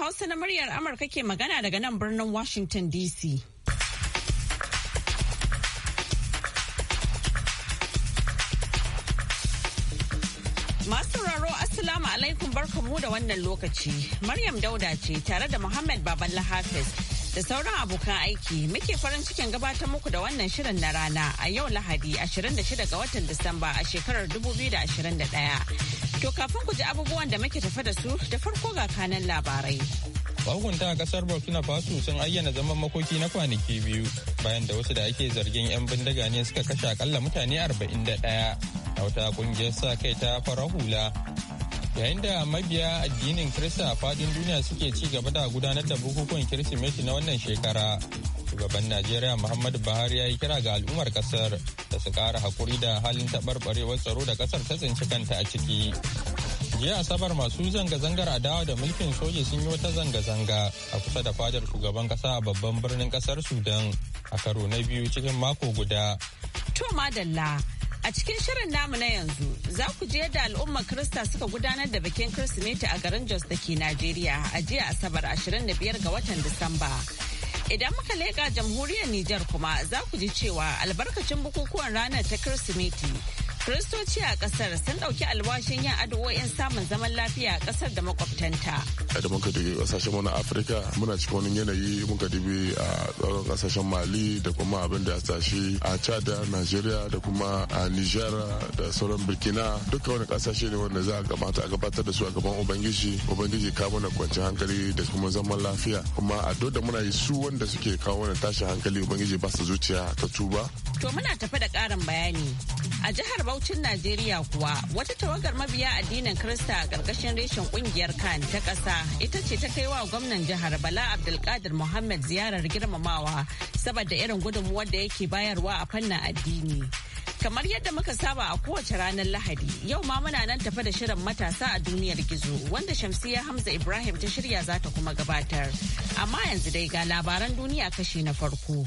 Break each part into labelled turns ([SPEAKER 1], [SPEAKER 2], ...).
[SPEAKER 1] Hausa na muryar Amurka ke magana daga nan birnin Washington DC. Masu raro Assalamu alaikum barkamu da wannan lokaci. Maryam Dauda ce tare da Muhammad Baballa Hafiz da sauran abokan aiki muke farin cikin gabatar muku da wannan shirin na rana a yau Lahadi 26 ga watan Disamba a shekarar 2021. To kafin ku ji abubuwan da muke tafe da su da farko ga kanan labarai.
[SPEAKER 2] Mahukunta a kasar Burkina Faso sun ayyana zaman makoki na kwanaki biyu bayan da wasu da ake zargin 'yan bindiga ne suka kashe akalla mutane 41 a wata kungiyar sa kai ta fara hula. Yayin da mabiya addinin Kirista a fadin duniya suke ci gaba da gudanar da bukukuwan Kirsimeti na wannan shekara, shugaban najeriya muhammadu buhari ya yi kira ga al'ummar kasar da su kara hakuri da halin taɓarɓarewar tsaro da kasar ta tsinci kanta a ciki jiya asabar masu zanga-zangar adawa da mulkin soja sun yi wata zanga-zanga a kusa da fadar shugaban kasa a babban birnin kasar sudan a karo na biyu cikin mako guda
[SPEAKER 1] to madalla A cikin shirin namu na yanzu za ku je da al'ummar Krista suka gudanar da bikin Kirsimeti a garin Jos da ke Najeriya a jiya Asabar 25 ga watan Disamba. Idan muka leƙa jamhuriyar Nijar kuma za ku ji cewa albarkacin bukukuwan ranar ta Kirsimeti. Kiristoci a kasar sun ɗauki alwashin yin addu'o'in samun zaman lafiya a kasar da makwabtanta.
[SPEAKER 3] Da muka dubi kasashen mu na Afirka muna cikin wani yanayi muka dubi a tsaron kasashen Mali da kuma abin da ya tashi a Chad da Nigeria da kuma a Niger da sauran Burkina duka wani kasashe ne wanda za a kamata a gabatar da su a gaban Ubangiji Ubangiji ka mana kwanci hankali da kuma zaman lafiya kuma a da muna yi su wanda suke kawo wani tashin hankali Ubangiji ba su zuciya ta tuba.
[SPEAKER 1] To muna tafi da karin bayani a jihar Baucin Najeriya kuwa wata tawagar mabiya addinin Krista a ƙarƙashin reshen ƙungiyar kan ta ƙasa ita ce ta kai wa gwamnan jihar Bala Abdulkadir Muhammad ziyarar girmamawa saboda irin gudunmuwar da yake bayarwa a fannin addini. Kamar yadda muka saba a kowace ranar Lahadi, yau ma muna nan tafa da shirin matasa a duniyar gizo wanda Shamsiya Hamza Ibrahim ta shirya za ta kuma gabatar. Amma yanzu dai ga labaran duniya kashi na farko.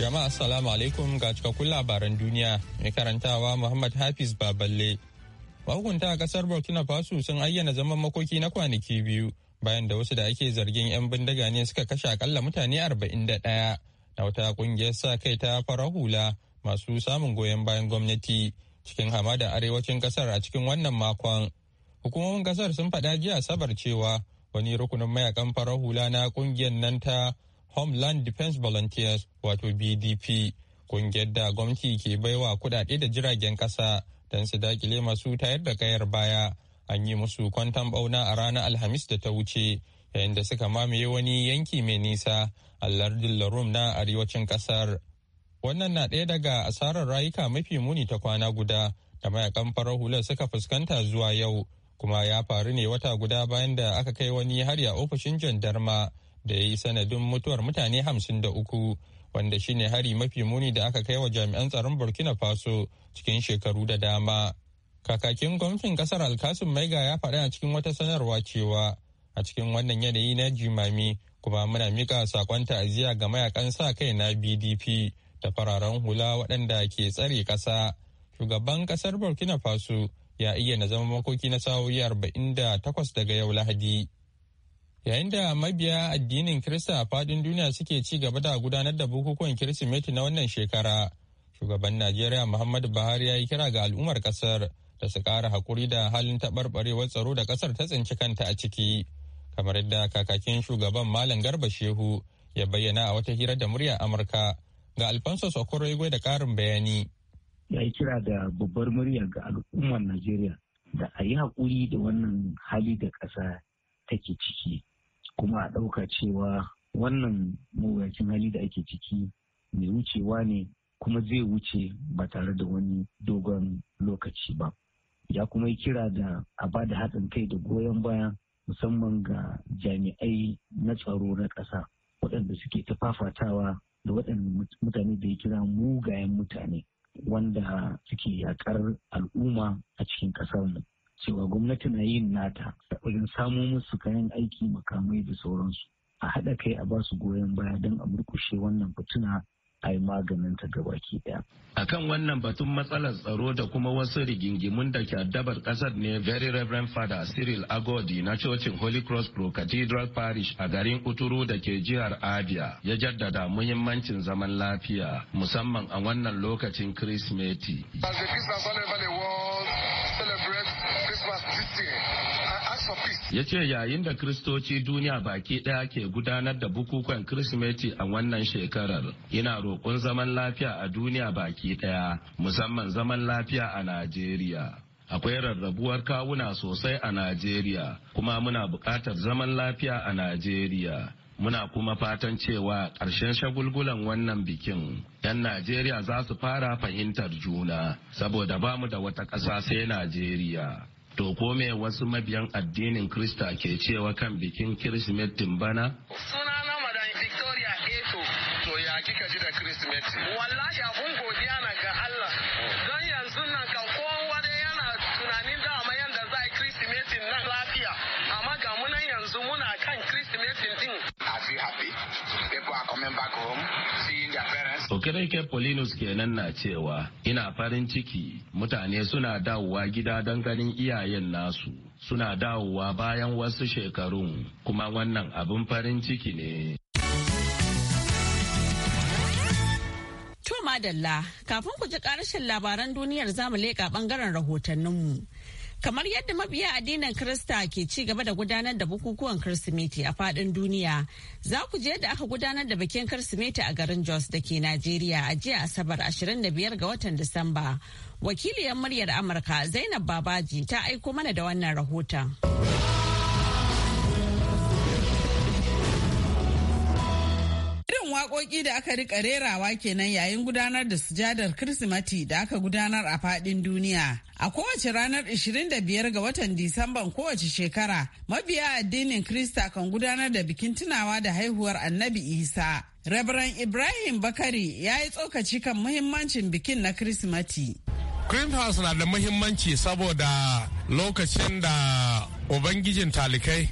[SPEAKER 2] Jama'a assalamu alaikum ga cikakkun labaran duniya mai karantawa Muhammad Hafiz Baballe. Mahukunta a kasar Burkina Faso sun ayyana zaman makoki na kwanaki biyu bayan da wasu da ake zargin 'yan bindiga ne suka kashe akalla mutane 41 na wata kungiyar sa kai ta fara hula masu samun goyon bayan gwamnati cikin hamada arewacin kasar a cikin wannan makon. Hukumomin kasar sun faɗa jiya sabar cewa wani rukunin mayakan farar hula na ƙungiyar nan ta Homeland Defense Volunteers wato BDP ƙungiyar da gwamnati ke baiwa kudade da jiragen kasa don su dakile masu tayar da kayar baya an yi musu kwantan bauna a ranar Alhamis da ta wuce yayin da suka mamaye wani yanki mai nisa a lardin Larum na arewacin kasar. Wannan na ɗaya daga asarar rayuka mafi muni ta kwana guda da mayakan farar hular suka fuskanta zuwa yau kuma ya faru ne wata guda bayan da aka kai wani hari a ofishin jandarma da ya yi sanadin mutuwar mutane hamsin da uku wanda shine hari mafi muni da aka kai wa jami'an tsaron burkina faso cikin shekaru da dama kakakin gwamnatin kasar alkasun maiga ya faɗa a cikin wata sanarwa cewa a cikin wannan yanayi na jimami kuma muna mika sakon ta'aziyya ga mayakan sa kai na bdp da fararen hula waɗanda ke tsare ƙasa shugaban ƙasar burkina faso ya iya na zama makoki na sa'o'i 48 daga yau lahadi Yayin da mabiya addinin Kirista a faɗin duniya suke ci gaba da gudanar da bukukuwan Kirsimeti na wannan shekara, shugaban Najeriya Muhammadu Buhari ya yi kira ga al'ummar ƙasar da su ƙara haƙuri da halin taɓarɓarewar tsaro da ƙasar ta tsinci kanta a ciki. Kamar yadda kakakin shugaban Malam Garba Shehu ya bayyana a wata hira da muryar Amurka ga Alfonso Sokoro da ƙarin bayani.
[SPEAKER 4] Ya yi kira da babbar murya ga al'ummar Najeriya da a yi haƙuri da wannan hali da ƙasa take ciki. kuma a ɗauka cewa wannan mawuyacin hali da ake ciki mai wucewa ne kuma zai wuce ba tare da wani dogon lokaci ba ya kuma yi kira da a ba da haɗin kai da goyon baya musamman ga jami'ai na tsaro na ƙasa waɗanda suke ta fafatawa da waɗanda mutane da ya kira mugayen mutane wanda suke yaƙar al'umma a cikin ƙasar mu cewa gwamnati na yin nata wajen samo musu kayan aiki makamai da sauransu a haɗa kai a basu goyon baya don a murkushe wannan fituna a yi
[SPEAKER 5] maganin ta gabaki daya. A kan wannan batun matsalar tsaro da kuma wasu rigingimun da ke addabar kasar ne Very Reverend Father Cyril Agodi na cocin Holy Cross Pro Cathedral Parish a garin Kuturu da ke jihar Abia ya jaddada muhimmancin zaman lafiya musamman a wannan lokacin Kirsimeti. ya ce yayin da kristoci duniya baki daya ke gudanar da bukukuwan kirsimeti a wannan shekarar yana roƙon zaman lafiya a duniya baki daya musamman zaman lafiya a najeriya akwai rarrabuwar kawuna sosai a najeriya kuma muna buƙatar zaman lafiya a najeriya muna kuma fatan cewa ƙarshen shagulgulan wannan bikin 'yan najeriya za su fara fahimtar juna saboda bamu da wata ƙasa sai najeriya To ko me wasu mabiyan addinin Krista ke cewa kan bikin Kirsimetin bana? Sunana Madan Victoria Eto, to ya kika ji da Kirsimeti? Wallahi abun godiya na ga Allah. Don yanzu nan kan kowa dai yana tunanin dama yadda za a Kirsimetin na lafiya. Amma ga munan yanzu muna kan Kirsimetin din. I feel happy. People are coming back home. ke Polinus kenan na cewa ina farin ciki mutane suna dawowa gida don ganin iyayen nasu suna dawowa bayan wasu shekarun kuma wannan abin farin ciki ne.
[SPEAKER 1] To madalla kafin ku ji ƙarshen labaran duniyar zamu leƙa ɓangaren rahotanninmu. Kamar yadda mabiya addinin Krista ke ci gaba da gudanar da bukukuwan Kirsimeti a fadin duniya, za ku je da aka gudanar da bikin Kirsimeti a garin Jos da ke Najeriya a jiya Asabar 25 ga watan Disamba. Wakiliyar muryar Amurka Zainab Babaji ta aiko mana da wannan rahoton.
[SPEAKER 6] Irin waƙoƙi da aka rika rerawa kenan yayin gudanar da sujadar Kirsimati da aka gudanar a faɗin duniya. A kowace ranar 25 ga watan Disamban kowace shekara, mabiya addinin Krista kan gudanar da bikin tunawa da haihuwar Annabi Isa. Rabaran Ibrahim Bakari ya yi tsokaci kan muhimmancin bikin na Kirsimati.
[SPEAKER 2] Christmas na da muhimmanci saboda lokacin da Ubangijin talikai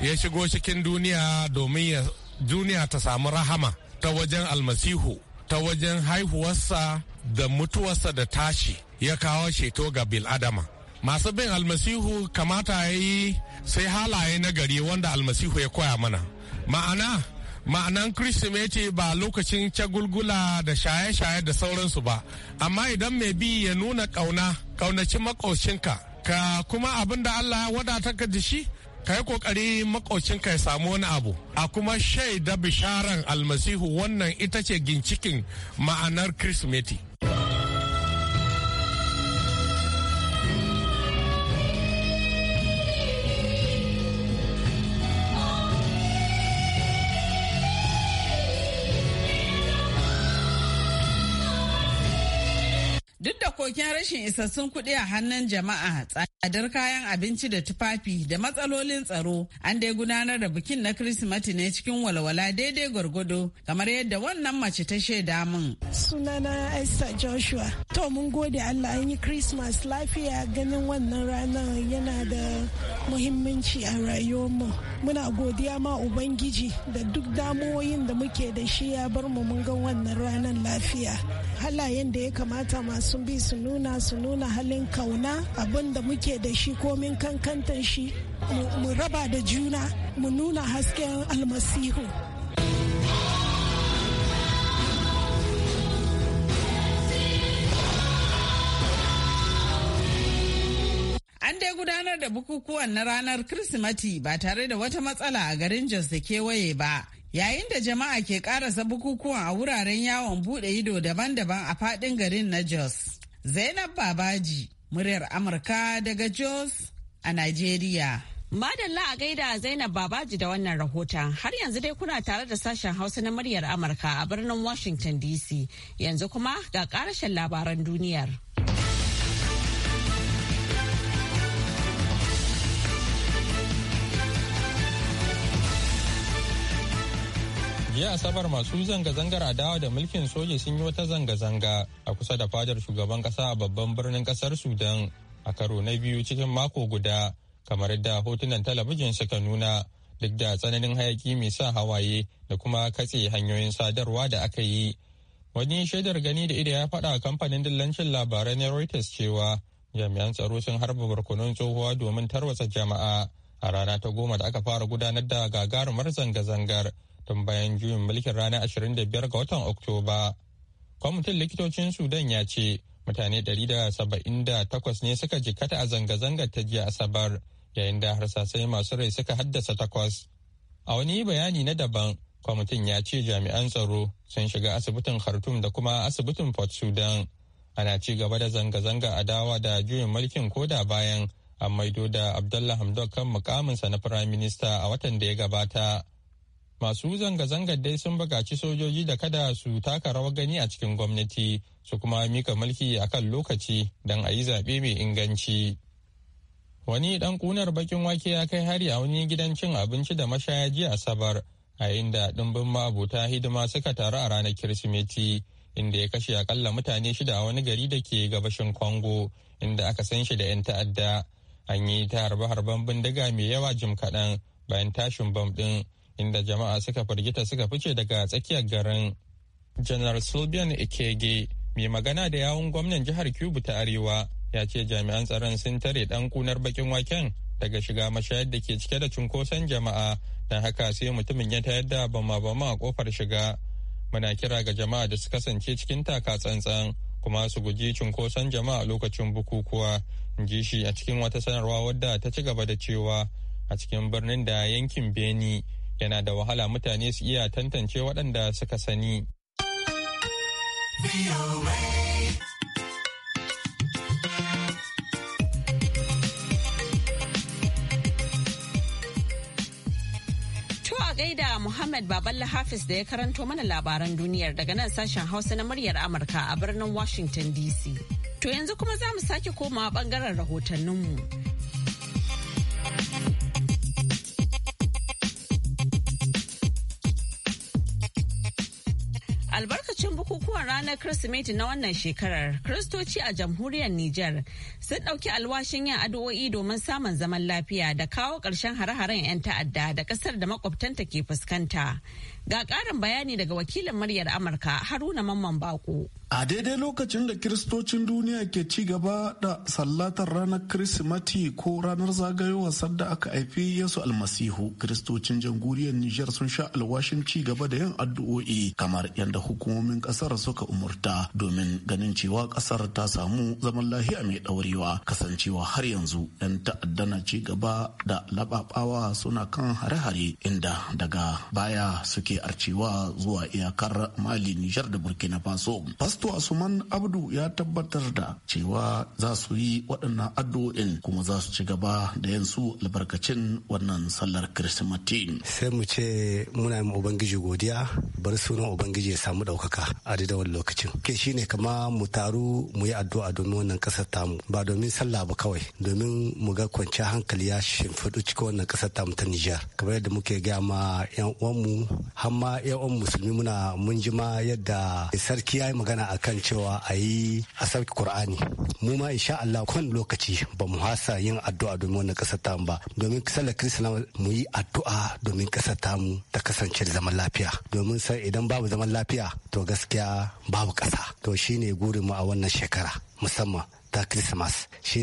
[SPEAKER 2] ya shigo cikin duniya domin ya duniya ta samu rahama ta wajen almasihu ta wajen haihuwarsa da mutuwarsa da tashi ya kawo sheto ga bil'adama masu bin almasihu kamata ya yi sai halaye na gari wanda almasihu ya koya mana ma'ana ma'anan kirsimeti ba lokacin cagulgula da shaye-shaye da sauransu ba amma idan mai bi ya nuna kauna kaunaci makoshinka. ka kuma abin da allah ya wadata ka da shi ka yi kokari makocinka ya samu wani abu a kuma shaida bisharan almasihu wannan ita ce gincikin ma'anar kirsimeti
[SPEAKER 6] harkokin rashin isassun kuɗi a hannun jama'a tsadar kayan abinci da tufafi da matsalolin tsaro an dai gudanar da bikin na kirsimati ne cikin walwala daidai gwargwado kamar yadda wannan mace ta shaida min.
[SPEAKER 7] sunana aisa joshua to mun gode allah an yi christmas lafiya ganin wannan ranar yana da muhimmanci a rayuwarmu muna godiya ma ubangiji da duk damuwoyin da muke da shi ya bar mu mun ga wannan ranar lafiya halayen da ya kamata masu bi su nuna su nuna halin kauna abin da muke da shi komin kankantan shi mu raba da juna mu nuna hasken almasihu
[SPEAKER 6] An dai gudanar da bukukuwan na ranar Kirsimati ba tare da wata matsala a garin Jos da kewaye ba. Yayin da jama'a ke karasa bukukuwan a wuraren yawon bude ido daban-daban a faɗin garin na Jos. Zainab Babaji, muryar Amurka daga Jos a Najeriya. Madalla a gaida Zainab Babaji da wannan
[SPEAKER 1] rahoton har yanzu dai kuna tare da sashen Hausa na muryar Amurka a birnin Washington DC yanzu kuma ga karashen labaran duniyar.
[SPEAKER 2] jiya asabar masu zanga-zangar a adawa da mulkin soja sun yi wata zanga-zanga a kusa da fadar shugaban kasa a babban birnin kasar sudan a karo na biyu cikin mako guda kamar da hotunan talabijin suka nuna duk da tsananin hayaki mai sa hawaye da kuma katse hanyoyin sadarwa da aka yi wani shaidar gani da ido ya faɗa kamfanin dillancin labarai na reuters cewa jami'an tsaro sun harba barkonon tsohuwa domin tarwatsa jama'a a rana ta goma da aka fara gudanar da gagarumar zanga-zangar tun bayan juyin mulkin ranar 25 ga watan Oktoba. Kwamitin likitocin Sudan ya ce mutane 178 ne suka jikata a zanga-zangar ta jiya Asabar yayin da harsasai masu rai suka haddasa takwas. A wani bayani na daban, kwamitin ya ce jami'an tsaro sun shiga asibitin Khartoum da kuma asibitin Port Sudan. Ana ci gaba da zanga-zanga a dawa da juyin mulkin koda bayan an maido da Abdullah Hamdok kan mukaminsa na Firayim Minista a watan da ya gabata. masu zanga-zangar dai sun buƙaci sojoji da kada su taka rawar gani a cikin gwamnati su kuma mika mulki a kan lokaci don a yi zaɓe mai inganci wani ɗan ƙunar bakin wake ya kai hari a wani gidan cin abinci da mashaya jiya asabar a inda ɗimbin ma'abota hidima suka taru a ranar kirsimeti inda ya kashe akalla mutane shida a wani gari da ke gabashin kwango inda aka san shi da 'yan ta'adda an yi ta harbe-harben bindiga mai yawa jim kaɗan bayan tashin bam ɗin inda jama'a suka firgita suka fice daga tsakiyar garin general sylvian ikege mai magana da yawun gwamnan jihar cuba ta arewa ya ce jami'an tsaron sun tare dan kunar bakin waken daga shiga mashayar da ke cike da cunkoson jama'a don haka sai mutumin ya tayar da bama-bama a kofar shiga muna kira ga jama'a da su kasance cikin taka tsantsan kuma su guji cunkoson jama'a lokacin bukukuwa in ji shi a cikin wata sanarwa wadda ta ci gaba da cewa a cikin birnin da yankin beni yana da wahala mutane su iya tantance waɗanda suka sani.
[SPEAKER 1] gaida Muhammad Baballa Hafiz da ya karanto mana labaran duniyar daga nan sashen Hausa na muryar Amurka a birnin Washington DC. To yanzu kuma za mu sake komawa bangaren rahotanninmu. albarkacin bukukuwan ranar Kirsimeti na wannan shekarar, Kiristoci a jamhuriyar Nijar sun ɗauki alwashin yin addu'o'i domin samun zaman lafiya da kawo ƙarshen hare-haren 'yan ta'adda da ƙasar da makwabtanta ke fuskanta. Ga ƙarin bayani daga wakilin muryar Amurka Haruna Mamman Bako.
[SPEAKER 4] A daidai lokacin da kiristocin duniya ke ci gaba da sallatar ranar Kirsimati ko ranar zagayowar sadda aka haifi Yesu almasihu, kiristocin jamhuriyar Nijar sun sha alwashin ci gaba da yin addu'o'i kamar yadda hukumomin kasar suka umurta domin ganin cewa kasar ta samu zaman lahiya mai ɗaurewa kasancewa har yanzu 'yan ta'adda na ci gaba da lababawa suna kan hare-hare inda daga baya suke arcewa zuwa iyakar Mali Nijar da Burkina Faso. Fasto Asuman Abdu ya tabbatar da cewa za su yi waɗannan addu'o'in kuma za su ci gaba da yansu albarkacin wannan sallar Kirsimati. Sai mu
[SPEAKER 8] ce muna yin Ubangiji godiya bar sunan Ubangiji ya samu ɗaukaka a didawar lokacin. Ke shi ne kama mu taru mu yi addu'a domin wannan ƙasar tamu ba domin sallah ba kawai domin mu ga kwanciyar hankali ya shimfiɗu cikin wannan ƙasar tamu ta Nijar. Kamar yadda muke gaya ma 'yan uwanmu har ma 'yan uwan musulmi muna mun ji ma yadda sarki ya yi magana a kan cewa a yi a sauki Kur'ani. Mu ma insha Allah kwan lokaci ba mu hasa yin addu'a domin wannan kasar tamu ba. Domin sallar Kirista mu yi addu'a domin ƙasar tamu ta kasance da zaman lafiya. Domin sai idan babu zaman lafiya to gaskiya babu ƙasa. To shine gurin mu a wannan shekara musamman ta Christmas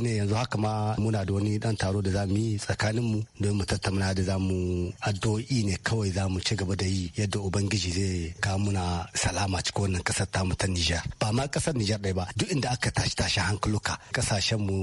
[SPEAKER 8] ne yanzu haka ma muna da wani dan taro da zamu yi tsakanin mu don mu tattauna da zamu addu'o'i ne kawai zamu ci gaba da yi yadda ubangiji zai ka muna salama cikin wannan kasar tamu ta Nijar ba ma kasar Nijar ɗaya ba duk inda aka tashi tashi hankaluka kasashen mu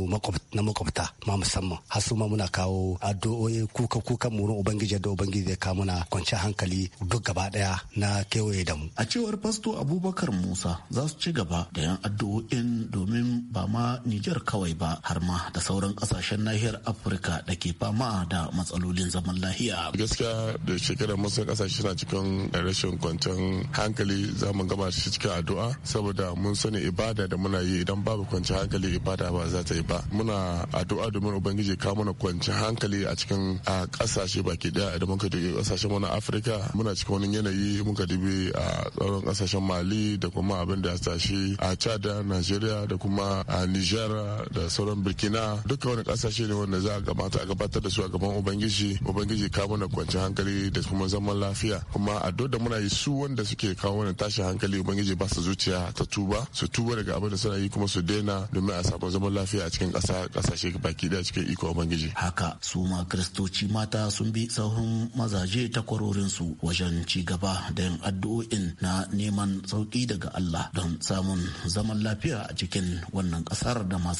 [SPEAKER 8] na makwabta ma musamman har su ma muna kawo addu'o'i kuka kuka mu ubangiji da ubangiji zai ka muna
[SPEAKER 4] kwanci hankali duk gaba daya na kewaye da mu a cewar fasto Abubakar Musa za su ci gaba da yan addu'o'in domin ba ma Nijar kawai ba har ma da sauran kasashen nahiyar Afirka da ke fama da matsalolin zaman lahiya.
[SPEAKER 3] Gaskiya da shekarar masu kasashe na cikin rashin kwanciyar hankali za mu gaba shi cikin addu'a saboda mun sani ibada da muna yi idan babu kwanciyar hankali ibada ba za ta yi ba. Muna addu'a domin Ubangiji ka mana kwanciyar hankali a cikin kasashe baki daya idan muka dubi kasashen mu na Afirka muna cikin wani yanayi muka dubi a tsaron kasashen Mali da kuma abin da ya tashi a Chad, Nigeria da kuma a nijar da sauran burkina duka wani kasashe ne wanda za a gabata a gabatar da su a gaban ubangiji ubangiji kawo mana kwanci hankali da kuma zaman lafiya kuma a da muna yi su wanda suke kawo mana tashin hankali ubangiji ba su zuciya ta tuba su tuba daga abin da suna yi kuma su daina domin a samu zaman lafiya a cikin ƙasa kasashe baki daya cikin iko ubangiji haka su ma kristoci mata sun bi sahun mazaje
[SPEAKER 4] su wajen ci gaba da yin addu'o'in na neman sauki daga Allah don samun zaman lafiya a cikin wannan ƙasa kasar da ma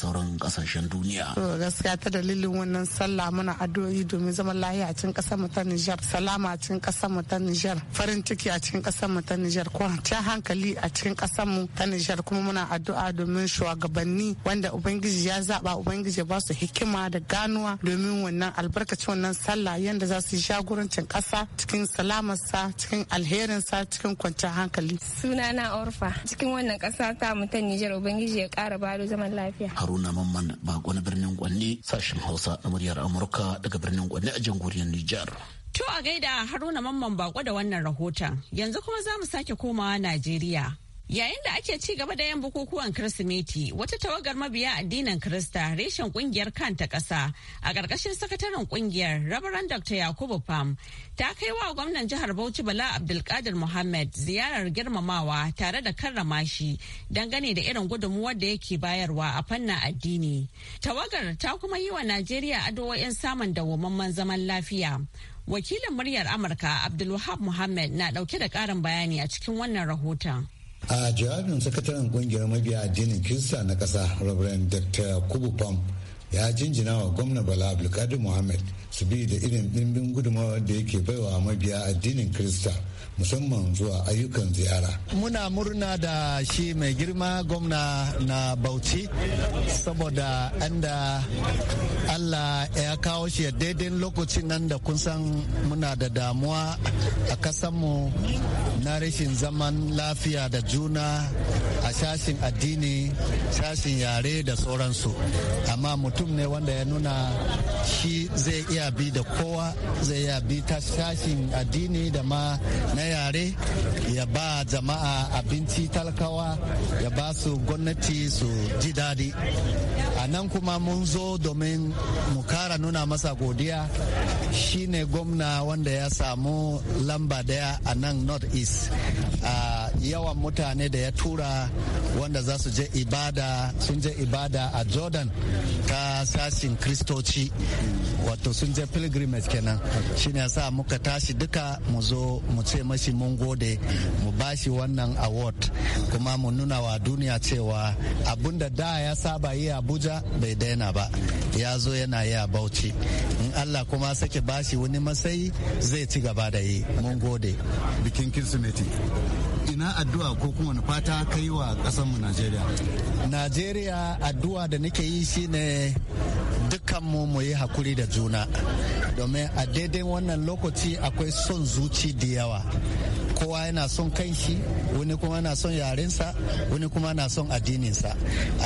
[SPEAKER 4] kasashen duniya. To
[SPEAKER 6] gaskiya
[SPEAKER 7] ta dalilin wannan sallah muna addu'o'i domin zaman lahiya a cikin kasar mu ta Nijar, salama a cikin kasar mu ta Niger, farin ciki a cikin kasar mu ta kwanciyar hankali a cikin kasar mu ta Niger kuma muna addu'a domin shugabanni wanda ubangiji ya zaba ubangiji ba su hikima da ganuwa domin wannan albarkacin wannan sallah yanda za su jagorancin kasa cikin salamarsa cikin alherinsa cikin kwanciyar hankali.
[SPEAKER 6] Sunana Orfa cikin wannan kasa ta mu ta Niger ubangiji ya kara bado zaman lafiya. lafiya.
[SPEAKER 4] Haruna Mamman Baƙo na birnin Gwanne sashen Hausa na muryar Amurka daga birnin Gwanne a jamhuriyar Nijar.
[SPEAKER 1] To a gaida Haruna Mamman Baƙo da wannan rahoton. Yanzu kuma za mu sake komawa Najeriya. Yayin da ake ci gaba da yan bukukuwan Kirsimeti, wata tawagar mabiya addinin krista reshen kungiyar kanta ƙasa a ƙarƙashin sakataren kungiyar Rabaran Dr. Yakubu Pam ta kai wa gwamnan jihar Bauchi Bala Abdulkadir Muhammad ziyarar girmamawa tare da karrama shi dangane da irin gudunmuwar da yake bayarwa a fannin addini. Tawagar ta kuma yi wa Najeriya addu'o'in samun dawwammamen zaman lafiya. Wakilin muryar Amurka Abdulwahab Muhammad na ɗauke da ƙarin bayani a cikin wannan rahoton.
[SPEAKER 6] a jawabin sakataren
[SPEAKER 9] kungiyar mabiya addinin kirista na kasa reverend dr kubu pam ya jinjina wa gwamna bala abdulkadir muhammad su bi da irin ɗimbin gudunmawar da yake baiwa mabiya addinin kirista musamman zuwa ayyukan ziyara. Muna murna da shi mai girma gwamna na Bauchi saboda da Allah ya kawo shi daidai lokacin nan da kun san muna da damuwa a kasanmu na rashin zaman lafiya da juna a shashin addini sashin yare da sauransu amma mutum ne wanda ya nuna shi zai iya bi da kowa zai iya bi ta shashin addini da ma na na yare ya ba jama'a abinci talakawa ya ba su gwamnati su ji daɗi a nan kuma mun zo domin mu kara nuna masa godiya shine gwamna wanda ya samu lamba daya a nan north east a yawan mutane da ya tura wanda za su je ibada sun je ibada a jordan ta sashin kristoci wato sun je pilgrimage kenan shine ya sa muka tashi duka mu zo mu ce mashi mun gode mu bashi wannan award kuma mu nuna wa duniya cewa abun da da ya saba yi abuja bai daina ba ya zo yana yi a bauchi in allah kuma sake bashi wani matsayi zai ci gaba da yi mun gode bikin kirsimeti ina addu'a ko kuma fata kai wa mu najeriya najeriya addu'a da nake yi shine dukkanmu mu yi hakuri da juna domin a daidai wannan lokaci akwai son zuci da yawa kowa yana son kanshi wani kuma na son yarensa wani kuma na son addininsa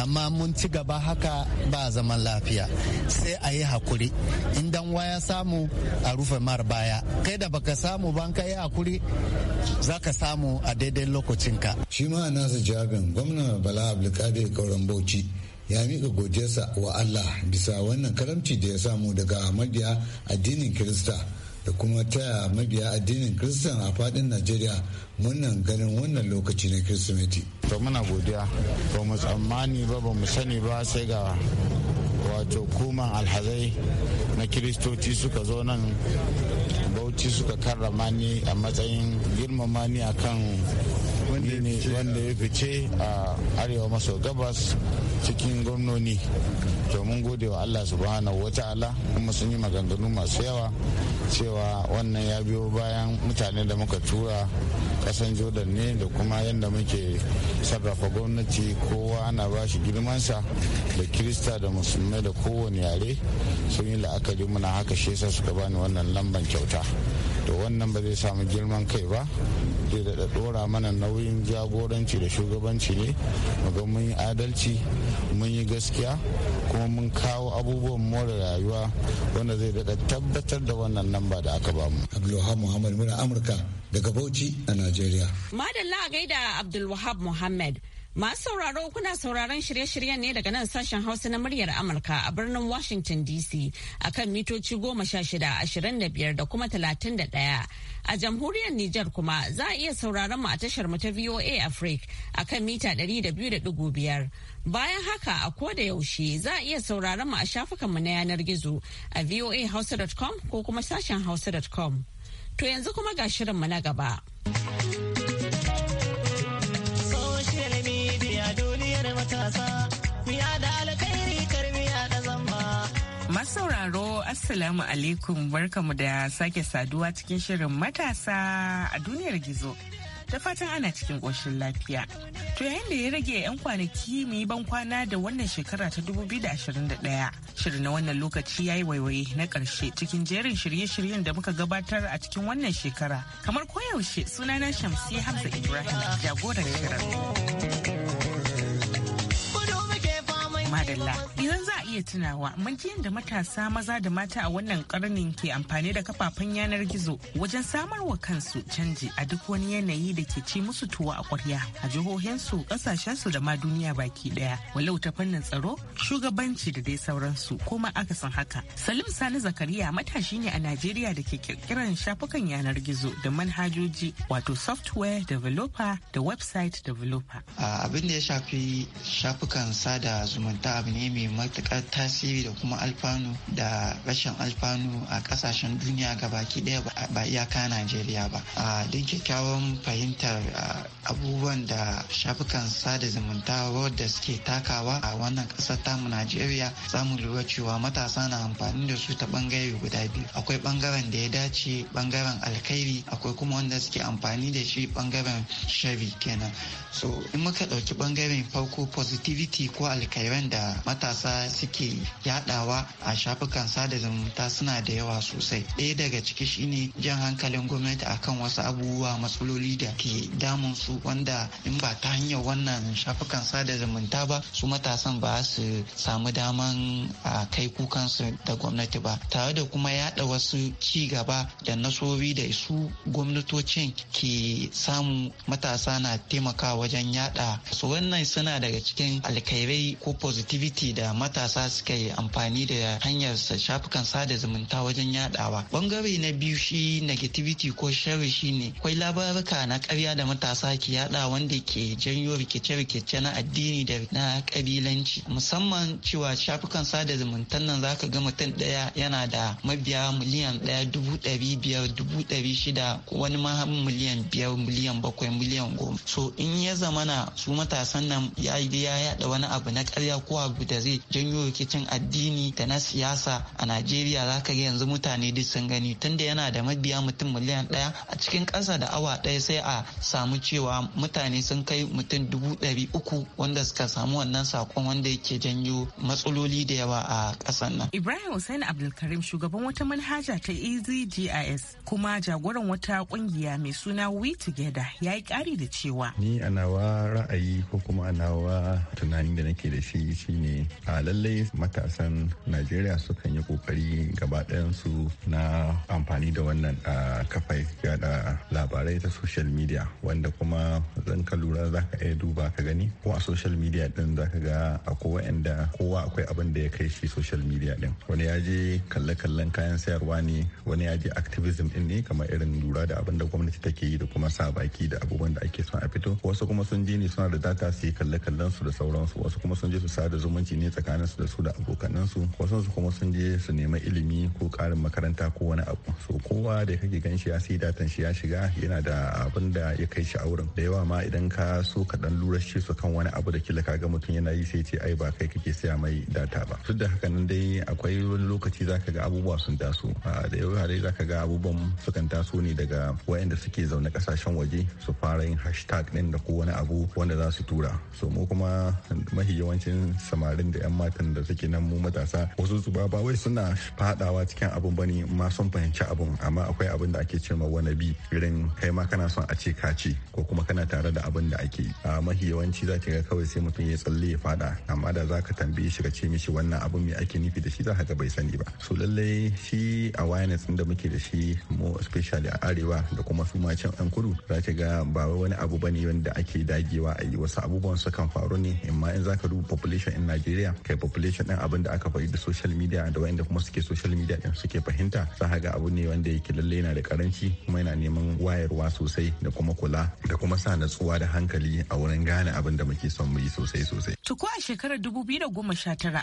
[SPEAKER 9] amma mun ci gaba haka ba zaman lafiya sai a yi hakuri in dan waya samu a rufe mar baya kai da baka samu ban ka yi hakuri za ka samu a daidai ka. shi ma nasa jabin gwamnan bala abdulkadir kauran bauchi ya mika godiyarsa wa allah bisa wannan karamci da ya samu daga madiya addinin kirista da kuma taya mabiya addinin
[SPEAKER 4] kristan a fadin najeriya munan ganin wannan lokaci na kirsimeti to muna godiya ba mu tsammani ba ba mu sani ba sai ga wato kuman alhazai na kiristoci suka zo nan bauchi suka karrama ni a matsayin girmama ni a akan wanda ya fice a arewa maso gabas cikin gwamnoni mun gode wa allah subhanahu wa ta'ala kuma sun yi maganganu masu yawa cewa wannan ya biyo bayan mutane da muka tura kasan jordan ne da kuma yadda muke sarrafa gwamnati kowa ana ba shi girmansa da kirista da musulmai da kowane yare sun yi la'akari muna haka shesa suka bani wannan lamban kyauta to wannan ba zai samu girman kai ba zai da ɗora mana nauyin jagoranci da shugabanci ne ga mun yi adalci mun yi gaskiya kuma mun kawo abubuwan more rayuwa wanda zai daɗa tabbatar da wannan lamba da aka bamu. Abdulwahab Muhammad muna
[SPEAKER 9] Amurka daga Bauchi a Najeriya.
[SPEAKER 1] Madalla a gaida Abdulwahab Muhammad. Masu sauraro kuna sauraron shirye-shiryen ne daga nan sashen Hausa na muryar Amurka a birnin Washington DC a kan mitoci goma sha shida ashirin da biyar da kuma talatin da ɗaya. A jamhuriyar Nijar kuma za a iya sauraron mu a tashar mu ta VOA Africa a kan mita ɗari da biyu da ɗigo biyar. Bayan haka a ko da yaushe za a iya sauraron mu a shafukan mu na yanar gizo a voahausa.com ko kuma sashen hausa.com. To yanzu kuma ga shirin mu na gaba.
[SPEAKER 7] Assalamu alaikum barkamu da sake saduwa cikin shirin matasa a duniyar gizo. Da fatan ana cikin ƙoshin lafiya. To yayin da ya rage 'yan kwanaki mu ban kwana da wannan shekara ta 2021. Shirin na wannan lokaci ya yi waiwaye na ƙarshe cikin jerin shirye-shiryen da muka gabatar a cikin wannan shekara. Kamar koyaushe sunana Shamsi Hamza Ibrahim jagoran shirin. Madalla, idan za a iya tunawa mun ji yadda matasa maza da mata a wannan karnin ke amfani da kafafen yanar gizo wajen samarwa kansu canji a duk wani yanayi da ke ci musu tuwa a kwarya a jihohinsu kasashensu da ma duniya baki daya walau ta fannin tsaro shugabanci da dai sauransu kuma akasin haka salim sani zakariya matashi ne a najeriya da ke kirkiran shafukan yanar gizo da
[SPEAKER 10] manhajoji wato software developer da website developer abin da ya shafi shafukan sada zumunta abu ne mai matukar tasiri da kuma alfanu da rashin alfanu a kasashen duniya ga gabaki daya ba iyaka najeriya ba a don kyakkyawan fahimtar abubuwan da shafukan sada zumunta da suke takawa a wannan kasar tamu najeriya samu lura cewa matasa na amfani da su ta bangare guda biyu akwai bangaren da ya dace bangaren alkhairi akwai kuma wanda suke amfani da shi bangaren shari kenan so in muka ɗauki bangaren farko positivity ko alkhairan da matasa su suke yadawa a shafukan sada zumunta suna da yawa sosai ɗaya daga ciki shine jan hankalin gwamnati akan wasu abubuwa matsaloli da ke damun su wanda in ba ta hanyar wannan shafukan sada zumunta ba su matasan ba su samu daman a kai kukansu da gwamnati ba tare da kuma yada wasu ci gaba da nasobi da su gwamnatocin ke samu matasa na taimaka wajen yada su wannan suna daga cikin alkairai ko positivity da matasa matasa suka yi amfani da hanyar sa shafukan sada zumunta wajen yadawa bangare na biyu shi negativity ko sharri shine akwai labaruka na karya da matasa ke yada wanda ke janyo rikice-rikice na addini da na kabilanci musamman cewa shafukan sada zumuntan nan zaka ga mutum daya yana da mabiya miliyan daya dubu ɗari biyar dubu ɗari shida wani ma miliyan biyar miliyan bakwai miliyan goma so in ya zamana su matasan nan ya ya yada wani abu na karya ko abu da zai janyo rikicin addini da na siyasa a najeriya za ka ga yanzu mutane duk sun gani tunda yana da mabiya mutum miliyan daya a cikin kasa da awa daya sai a samu cewa mutane sun kai mutum dubu dari uku wanda suka samu wannan sakon wanda yake janyo matsaloli da yawa a kasan nan.
[SPEAKER 7] Ibrahim Hussein Abdulkarim shugaban wata manhaja ta EZGIS kuma jagoran wata kungiya mai suna We Together ya yi ƙari da cewa.
[SPEAKER 11] Ni ana wa ra'ayi ko kuma ana wa tunani da nake da shi shine a lallai matasan najeriya sukan yi kokari gaba su na amfani da wannan a kafai da labarai ta social media wanda kuma zan ka lura za ka iya duba ka gani ko a social media din za ka ga akwai wa'anda kowa akwai abin da ya kai shi social media din wani ya je kalle-kallen kayan sayarwa ne wani ya je activism din ne kamar irin lura da abin da gwamnati take yi da kuma sa baki da abubuwan da ake son a fito wasu kuma sun je ne suna da data su yi kalle-kallen su da sauransu wasu kuma sun je su sada zumunci ne tsakanin su da da su da abokanansu wasan su kuma sun je su nema ilimi ko karin makaranta ko wani abu so kowa da kake gan shi ya sai datan shi ya shiga yana da abin da ya kai shi a wurin da yawa ma idan ka so ka dan lura shi su kan wani abu da kila ka ga mutum yana yi sai ce ai ba kai kake saya mai data ba duk da haka dai akwai wani lokaci zaka ga abubuwa sun taso da yawa dai zaka ga abubuwan sukan taso ne daga wayanda suke zaune kasashen waje su fara yin hashtag din da ko wani abu wanda za su tura so mu kuma mahi yawancin samarin da yan matan da take nan mu matasa wasu su ba wai suna fadawa cikin abun bane ma sun fahimci abun amma akwai abun da ake cewa wani bi irin kai ma kana son a ce ka ce ko kuma kana tare da abun da ake a mafi yawanci za ki ga kawai sai mutum ya tsalle ya fada amma da za ka tambaye shi ka ce mishi wannan abun me ake nufi da shi za ka ga bai sani ba so lallai shi a awareness din da muke da shi mu especially a arewa da kuma su ma can yan kudu za ki ga ba wani abu bane wanda ake dagewa a yi wasu abubuwan su kan faru ne amma in za ka duba population in nigeria kai population population din abin da aka faɗi da social media da wanda kuma suke social media din suke fahimta za ga abu ne wanda yake lalle yana da karanci kuma yana neman wayarwa sosai da kuma kula da kuma sa natsuwa da hankali a wurin gane abin da muke son mu yi sosai sosai.
[SPEAKER 7] Tuko a shekarar 2019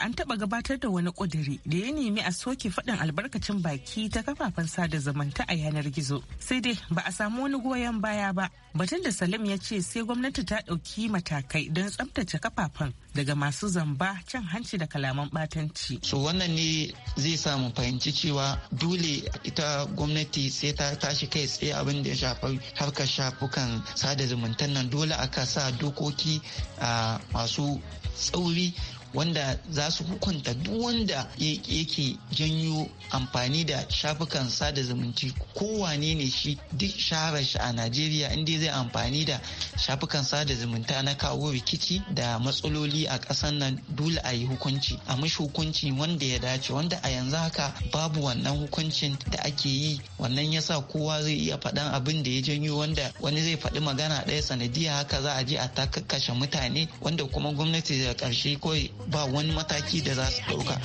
[SPEAKER 7] an taba gabatar da wani ƙudiri da ya nemi a soke faɗin albarkacin baki ta kafafen sada zumunta a yanar gizo. Sai dai ba a samu wani goyon baya ba. Batun da Salim ya ce sai gwamnati ta ɗauki matakai don tsabtace kafafen daga masu zamba can hanci da kalaman batanci.
[SPEAKER 10] So wannan ne zai sa mu fahimci cewa dole ita gwamnati sai ta tashi kai tsaye abin da ya shafi harkar shafukan sada zumunta nan dole aka sa dokoki a ah, masu tsauri wanda za su hukunta duk wanda yake janyo amfani da shafukan sada zumunci kowane ne shi duk shaharar shi a najeriya inda zai amfani da shafukan sada zumunta na kawo rikici da matsaloli a kasan nan dole a yi hukunci a mashi hukunci wanda ya dace wanda a yanzu haka babu wannan hukuncin da ake yi wannan yasa kowa zai iya faɗan abin da ya janyo wanda wani zai faɗi magana ɗaya sanadiyya haka za a je a takakkashe mutane wanda kuma gwamnati da ƙarshe kawai ba wani mataki da za su ɗauka.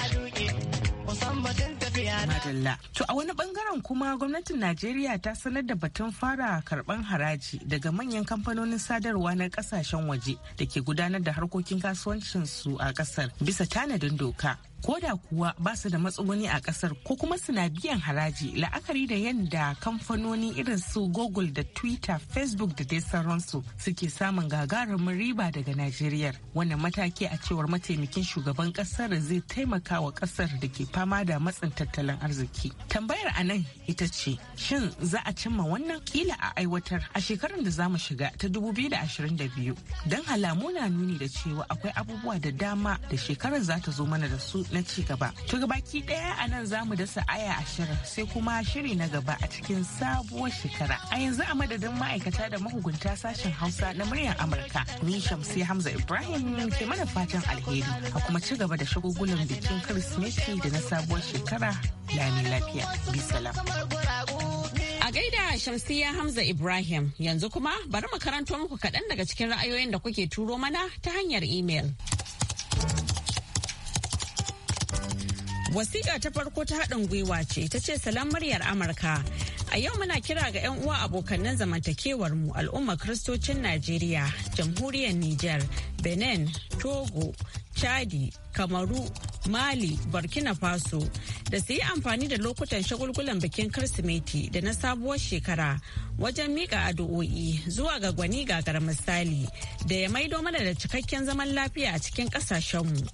[SPEAKER 7] To a wani bangaren kuma gwamnatin Najeriya ta sanar da batun fara karban haraji daga manyan kamfanonin sadarwa na kasashen waje da ke gudanar da harkokin kasuwancinsu a kasar bisa tanadin doka. ko da kuwa ba su da matsuguni a kasar ko kuma suna biyan haraji la'akari da yadda kamfanoni irin su google da twitter facebook da dai sauransu suke samun gagarumin riba daga najeriya wannan mataki a cewar mataimakin shugaban kasar zai taimaka wa kasar da ke fama da matsin tattalin arziki tambayar a nan ita ce shin za a cimma wannan kila a aiwatar a shekarar da za mu shiga ta da biyu don halamu na nuni da cewa akwai abubuwa da dama da shekarar za ta zo mana da su na ci gaba. To gabaki ɗaya a nan za mu dasa aya ashirin sai kuma shiri na gaba a cikin sabuwar shekara. A yanzu a madadin ma'aikata da mahugunta sashen Hausa na muryar Amurka. Ni Shamsi Hamza Ibrahim ke mana fatan alheri a kuma ci gaba da shagugulan bikin Kirsimeti da na sabuwar shekara lami lafiya. Bisalam.
[SPEAKER 1] A gaida Shamsiya Hamza Ibrahim yanzu kuma bari mu karanto muku kaɗan daga cikin ra'ayoyin da kuke turo mana ta hanyar imel. Wasiƙa ta farko ta haɗin gwiwa ce ta ce salam muryar Amurka. A yau muna kira ga 'yan uwa abokanan zamantakewar mu al'ummar kristocin Najeriya, Jamhuriyar Nijar, Benin, Togo, Chadi, Kamaru, Mali, Burkina Faso da su yi amfani da lokutan shagulgulan bikin Kirsimeti da na sabuwar shekara wajen miƙa addu'o'i zuwa ga gwani gagar misali da ya maido mana da cikakken zaman lafiya a cikin ƙasashenmu.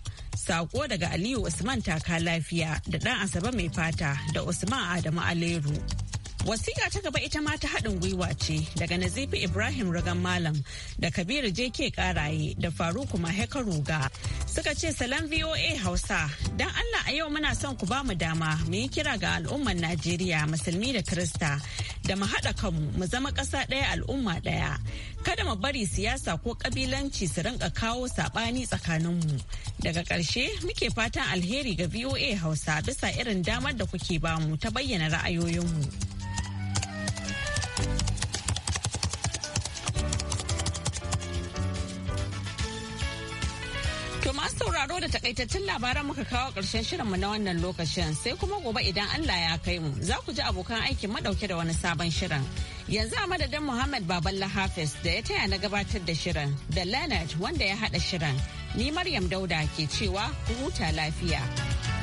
[SPEAKER 1] Sako daga Aliyu Usman Taka Lafiya da ɗan Asabe Mai Fata da Usman Adamu Aleru. Wasiƙa ta gaba ita ma ta haɗin gwiwa ce daga Nazifi Ibrahim Ragan Malam da Kabiru JK Karaye da Faruku Maheka Ruga suka ce salam VOA Hausa don Allah a yau muna son ku ba mu dama mu yi kira ga al'ummar Najeriya musulmi da Kirista da mu haɗa kanmu mu zama ƙasa ɗaya al'umma ɗaya. Kada mu bari siyasa ko ƙabilanci su rinka kawo saɓani tsakaninmu. Daga ƙarshe muke fatan alheri ga VOA Hausa bisa irin damar da kuke bamu ta bayyana ra'ayoyinmu. sauraro da takaitattun labaran muka kawo ƙarshen shirinmu na wannan lokacin sai kuma gobe idan Allah ya kai mu za ku ji abokan aikin madauke da wani sabon shirin. Yanzu a madadin Muhammad Baballa Hafiz da ya taya na gabatar da shirin da Leonard wanda ya haɗa shirin. Ni Maryam Dauda ke cewa ku huta lafiya.